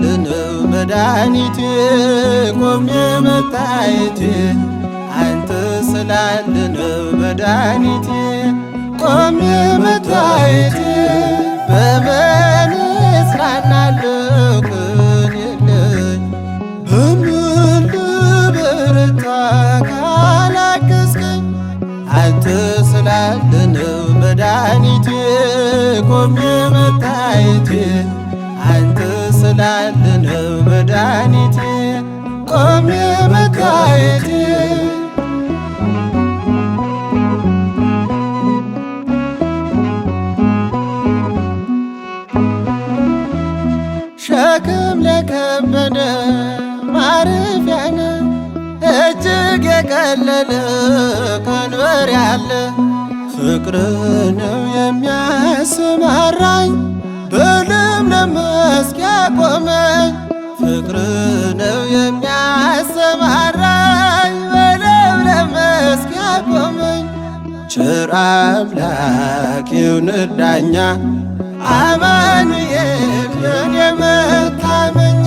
ልንብ መድኃኒቴ ቆሜ መታየቴ አንተ ስላለንብ መድኃኒቴ ቆሜ መታየቴ በምን እጽናናለሁ ቀን አንተ ስላለንብ መድኃኒቴ ቆሜ ላንተ ነው መድኃኒቴ ቆሜ መታየቴ ሸክም ለከበደ ማረፊያ እጅግ የቀለለ ቀንበር ያለ ፍቅር ነው የሚያሰማራኝ በለምለም መስክ ያቆመ ፍቅር ነው የሚያሰማራኝ በለምለም መስክ ያቆመኝ ቸር አምላክ ይሁን አማኑኤል የኔ መታመኛ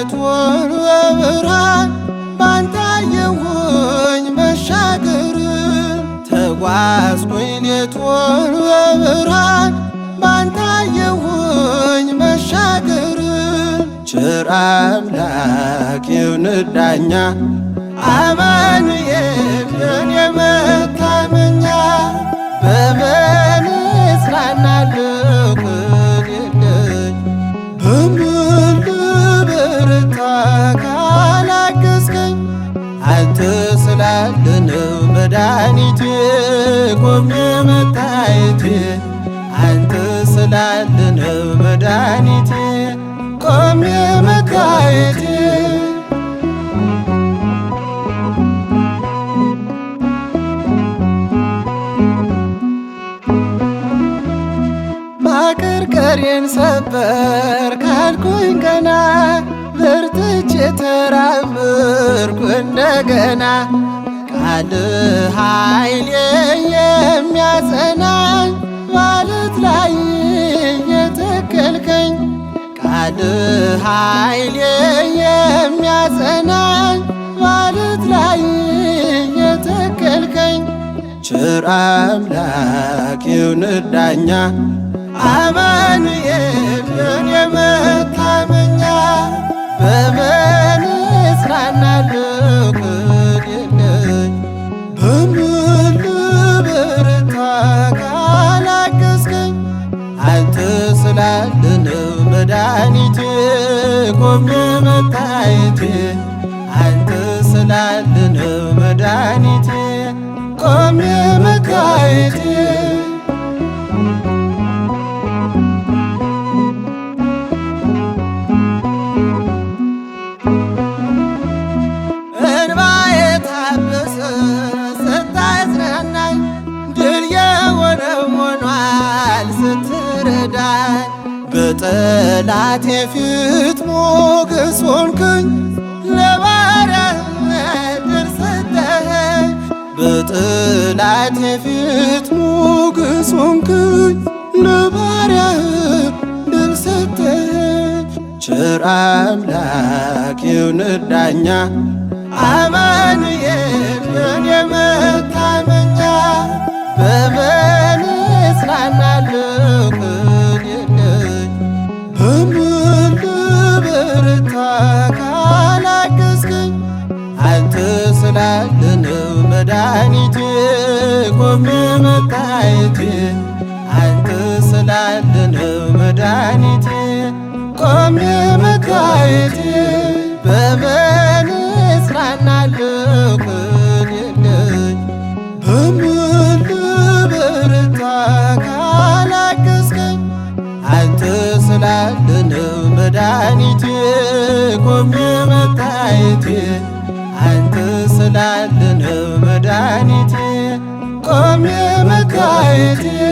ሌቱን በብርሃን ባንተ መሻገር መሻገርን ተጓዝኩኝ ሌቱን በብርሃን ባንተ አየሁኝ መሻገርን ቸር አምላክ ይሁንህ አማኑኤል የኔ መታመኛ ስላለነው መድኃኒቴ ቆሜ መታየቴ አንተ ስላለነው መድኃኒቴ ቆሜ መታየቴ ሰበር ካልኩኝ ገና የተራብርኩ እንደገና ቃል ኃይሌ የሚያጸናኝ ማለት ላይ የተከልከኝ ቃል ኃይሌ የሚያጸናኝ ማለት ላይ የተከልከኝ ቸር አምላክ ይሁን ዳኛ አማኑኤል የመታ በምን እጽናናለሁ ቀን የለኝ በምን ልበረታ ካላገዝከኝ አንተ ስላለ መድኃኒቴ ቆሜ መታየቴ አንተ ስላለ መድኃኒቴ ቆሜ መታየቴ በጠላቴ ፊት ሞገስ ሆንክኝ ለባሪያህ ዕድል ሰጠኸኝ በጠላቴ ፊት ሞገስ ሆንክኝ ለባሪያህ ዕድል ሰጠኸኝ ቸር አምላክ ዳኛ አማኑኤል መድኃኒቴ ቆሜ መታየቴ አንተ ስላለ ነው መድኃኒቴ ቆሜ መታየቴ በምን እጽናናለሁ በምን ልበረታ ካላገዝከኝ አንተ ስላለ ነው አንተ ስላለ ነው ቆሜ መካየቴ